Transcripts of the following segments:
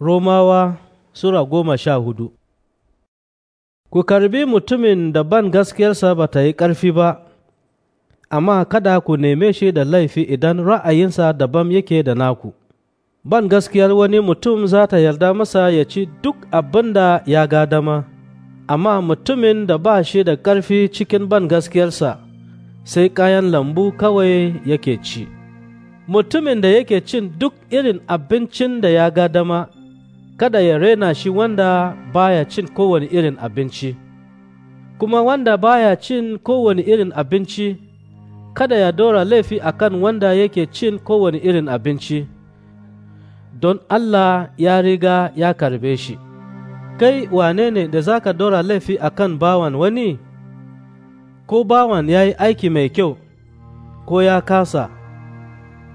Romawa Sura goma sha hudu Ku karbi mutumin da ban gaskiyarsa ba ta yi ƙarfi ba, amma kada ku neme shi da laifi idan ra'ayinsa daban yake da naku. Ban gaskiyar wani mutum za ta yarda masa ya ci duk abin da ya gadama, amma mutumin da ba shi da ƙarfi cikin ban gaskiyarsa sai kayan lambu kawai yake ci. Mutumin da yake cin duk irin abincin da ya gadama kada ya rena shi wanda baya cin kowane irin abinci, kuma wanda baya cin kowane irin abinci, kada ya dora laifi akan wanda yake cin kowane irin abinci, don Allah ya riga ya karbe shi. Kai wane ne da zaka ka dora laifi akan bawan wani? Ko bawan ya yi aiki mai kyau, ko ya kasa,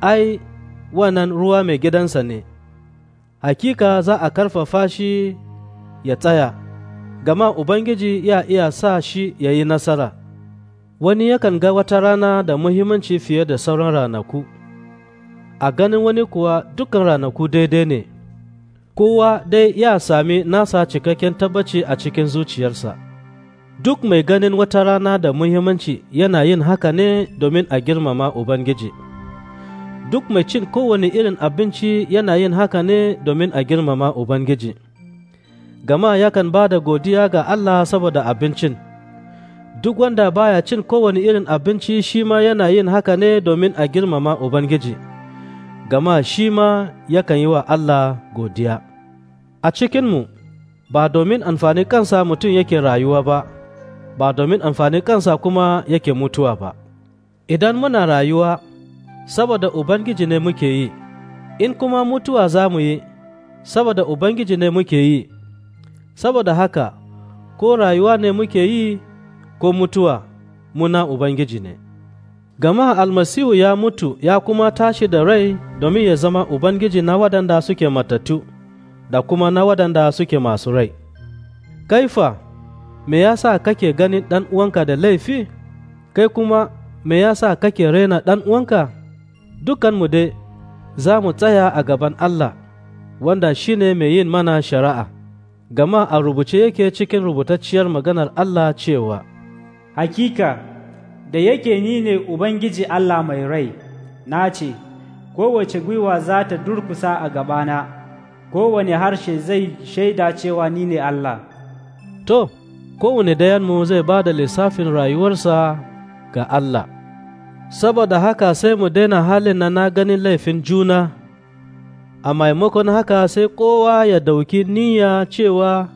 ai, wannan ruwa mai gidansa ne. hakika za a karfafa shi ya tsaya, gama Ubangiji ya iya sa shi ya yi nasara. Wani yakan ga wata rana da muhimmanci fiye da sauran ranaku, a ganin wani kuwa dukan ranaku daidai ne, kowa dai ya sami nasa cikakken tabbaci a cikin zuciyarsa. Duk mai ganin wata rana da muhimmanci yana yin haka ne domin a girmama Ubangiji. duk mai cin kowane irin abinci yana yin haka ne domin a girmama Ubangiji, gama yakan ba da godiya ga Allah saboda abincin, duk wanda baya cin kowane irin abinci shi ma yana yin haka ne domin a girmama Ubangiji, gama shi ma yakan yi wa Allah godiya. A cikinmu, ba domin amfani kansa mutum yake rayuwa ba, ba domin amfani kansa kuma yake mutuwa ba. Idan muna rayuwa, saboda Ubangiji ne muke yi, in kuma mutuwa za mu yi, saboda Ubangiji ne muke yi, saboda haka, ko rayuwa ne muke yi ko mutuwa, muna Ubangiji ne. Gama almasihu ya mutu ya kuma tashi da rai domin ya zama Ubangiji na waɗanda suke matattu da kuma na waɗanda suke masu rai. Kaifa, me ya yasa kake ganin ɗan uwanka da laifi? Kai kuma, me ya yasa kake raina ɗan uwanka? dukanmu dai za mu tsaya a gaban Allah wanda shi ne mai yin mana shari'a, gama a rubuce yake cikin rubutacciyar maganar Allah cewa, Hakika, da yake ni ne Ubangiji Allah mai rai, na ce, Kowace gwiwa za ta durkusa a gabana, kowane harshe zai shaida cewa ni ne Allah. To, kowane dayanmu zai ba da lissafin rayuwarsa ga Allah. saboda haka sai mu daina halin na na ganin laifin juna a maimakon haka sai kowa ya dauki niyya cewa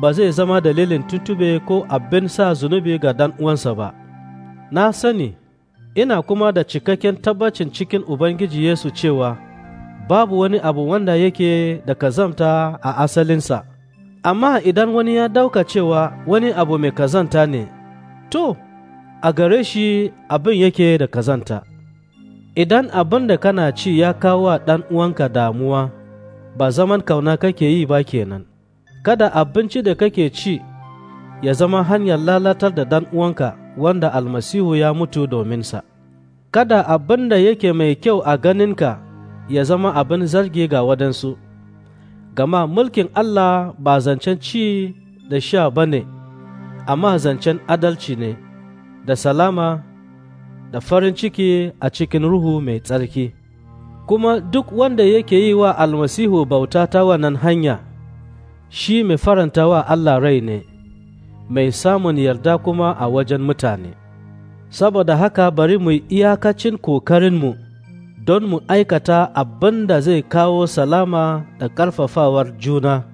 ba zai zama dalilin tuntube ko abin sa zunubi ga dan uwansa ba na sani ina kuma da cikakken tabbacin cikin ubangiji yesu cewa babu wani abu wanda yake da kazamta a asalinsa amma idan wani ya dauka cewa wani abu mai kazanta ne to a gare shi abin yake da kazanta. Idan abin da kana ci ya kawo wa ɗan uwanka damuwa, ba zaman kauna kake yi ba kenan. Kada abinci da kake ci ya zama hanyar lalatar da ɗan uwanka wanda almasihu ya mutu dominsa. Kada abin da yake mai kyau a ganinka ya zama abin zargi ga wadansu, gama mulkin Allah ba zancen ci da sha ba ne, amma zancen adalci ne. da salama da farin ciki a cikin Ruhu mai tsarki, kuma duk wanda yake yi wa almasihu bauta ta wannan hanya, shi mai faranta wa Allah rai ne, mai samun yarda kuma a wajen mutane. Saboda haka bari mu iyakacin mu don mu aikata abin da zai kawo salama da ƙarfafawar juna.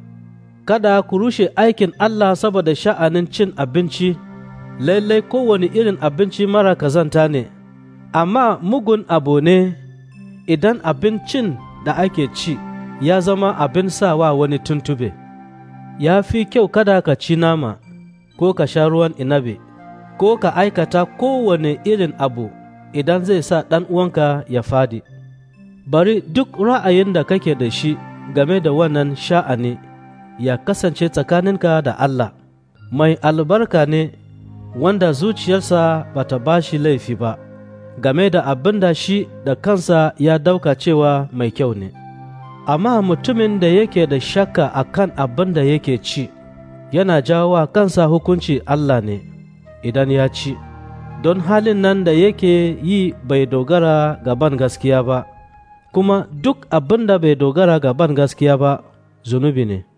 Kada ku rushe aikin Allah saboda sha'anin cin abinci. lallai kowane irin abinci mara kazanta ne, amma mugun abu ne idan abincin da ake ci ya zama abin sawa wani tuntube. Ya fi kyau kada ka ci nama ko ka sha ruwan inabe ko ka aikata kowane irin abu idan zai sa ɗan uwanka ya fadi. Bari duk ra'ayin da kake da shi game da wannan sha'ani ya kasance tsakaninka da Allah, mai albarka ne wanda zuciyarsa ba ta ba shi laifi ba game da abin da shi da kansa ya dauka cewa mai kyau ne amma mutumin da yake da shakka a kan abin da yake ci yana jawo kansa hukunci Allah ne idan ya ci don halin nan da yake yi bai dogara gaban gaskiya ba kuma duk abin da bai dogara gaban gaskiya ba zunubi ne